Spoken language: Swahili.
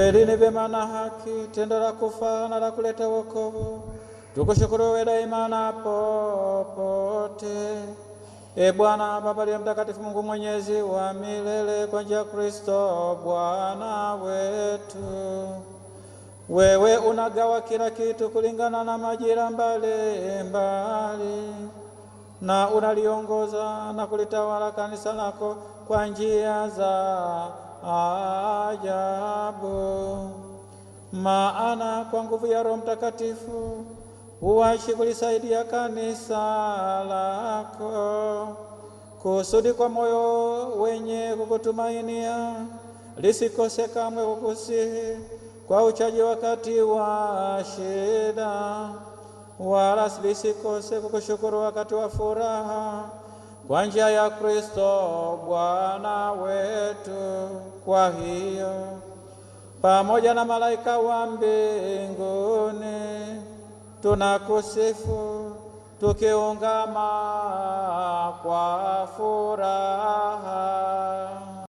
Kweli ni vema na haki, tendo la kufa na la kuleta wokovu. wewe daima na popote. E Bwana Baba ya mtakatifu, Mungu mwenyezi wa milele, kwa njia ya Kristo Bwana wetu, wewe unagawa kila kitu kulingana na majira mbalimbali mbali, na unaliongoza na kulitawala kanisa lako kwa njia za ajabu. Maana kwa nguvu ya Roho Mtakatifu huwaishi kulisaidia kanisa lako kusudi kwa moyo wenye kukutumainia lisikose kamwe kukusihi kwa uchaji wakati wa shida, wala lisikose kukushukuru wakati wa furaha, kwa njia ya Kristo Bwana wetu. Kwa hiyo pamoja na malaika wa mbinguni tunakusifu tukiungama kwa furaha